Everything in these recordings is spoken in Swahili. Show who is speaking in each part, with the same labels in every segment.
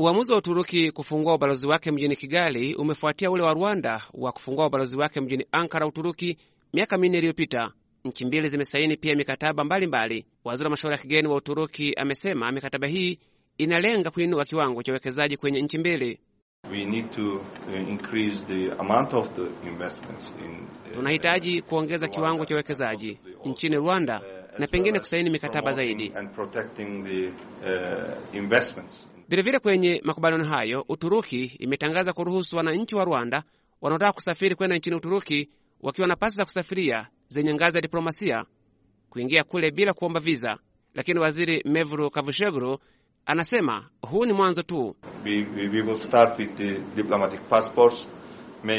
Speaker 1: Uamuzi wa Uturuki kufungua ubalozi wake mjini Kigali umefuatia ule wa Rwanda wa kufungua ubalozi wake mjini Ankara, Uturuki, miaka minne iliyopita. Nchi mbili zimesaini pia mikataba mbalimbali. Waziri wa mashauri ya kigeni wa Uturuki amesema mikataba hii inalenga kuinua kiwango cha uwekezaji kwenye nchi mbili.
Speaker 2: Uh, uh,
Speaker 1: Tunahitaji kuongeza kiwango cha uwekezaji nchini Rwanda uh, na pengine kusaini mikataba zaidi. Vilevile kwenye makubaliano hayo, Uturuki imetangaza kuruhusu wananchi wa Rwanda wanaotaka kusafiri kwenda nchini Uturuki wakiwa na pasi za kusafiria zenye ngazi ya diplomasia kuingia kule bila kuomba viza, lakini waziri mevru Kavushegru anasema
Speaker 2: huu ni mwanzo tu.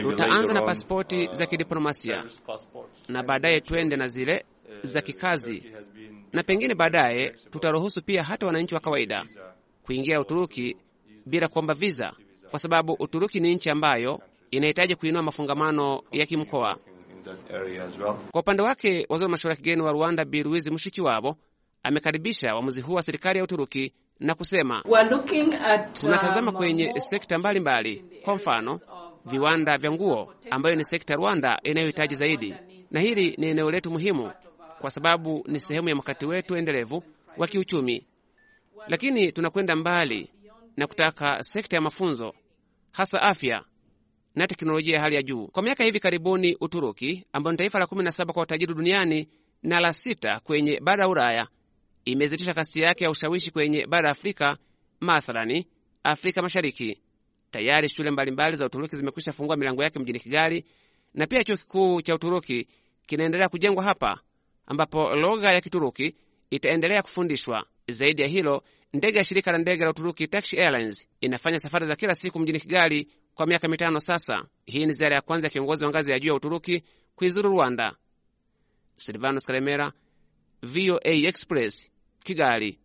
Speaker 2: Tutaanza na
Speaker 1: pasipoti uh, za kidiplomasia na baadaye twende na zile za kikazi, uh, uh, na pengine baadaye tutaruhusu pia hata wananchi wa kawaida kuingia Uturuki bila kuomba viza, kwa sababu Uturuki ni nchi ambayo inahitaji kuinua mafungamano ya kimkoa. Kwa upande wake waziri wa mashauri ya kigeni wa Rwanda Bi Louise Mushikiwabo amekaribisha uamuzi huu wa serikali ya Uturuki na kusema uh, tunatazama, kwenye sekta mbalimbali, kwa mfano viwanda vya nguo ambayo ni sekta Rwanda inayohitaji zaidi, na hili ni eneo letu muhimu, kwa sababu ni sehemu ya mkakati wetu endelevu wa kiuchumi lakini tunakwenda mbali na kutaka sekta ya mafunzo, hasa afya na teknolojia ya hali ya juu. Kwa miaka hivi karibuni, Uturuki ambayo ni taifa la 17 kwa utajiri duniani na la sita kwenye bara ya Ulaya imezidisha kasi yake ya ushawishi kwenye bara ya Afrika, mathalani Afrika Mashariki. Tayari shule mbalimbali za Uturuki zimekwisha fungua milango yake mjini Kigali, na pia chuo kikuu cha Uturuki kinaendelea kujengwa hapa, ambapo lugha ya Kituruki itaendelea kufundishwa. Zaidi ya hilo, ndege ya shirika la ndege la Uturuki Turkish Airlines inafanya safari za kila siku mjini Kigali kwa miaka mitano sasa. Hii ni ziara ya kwanza ya kiongozi wa ngazi ya juu ya Uturuki kuizuru Rwanda. Silvanos Karemera, VOA Express, Kigali.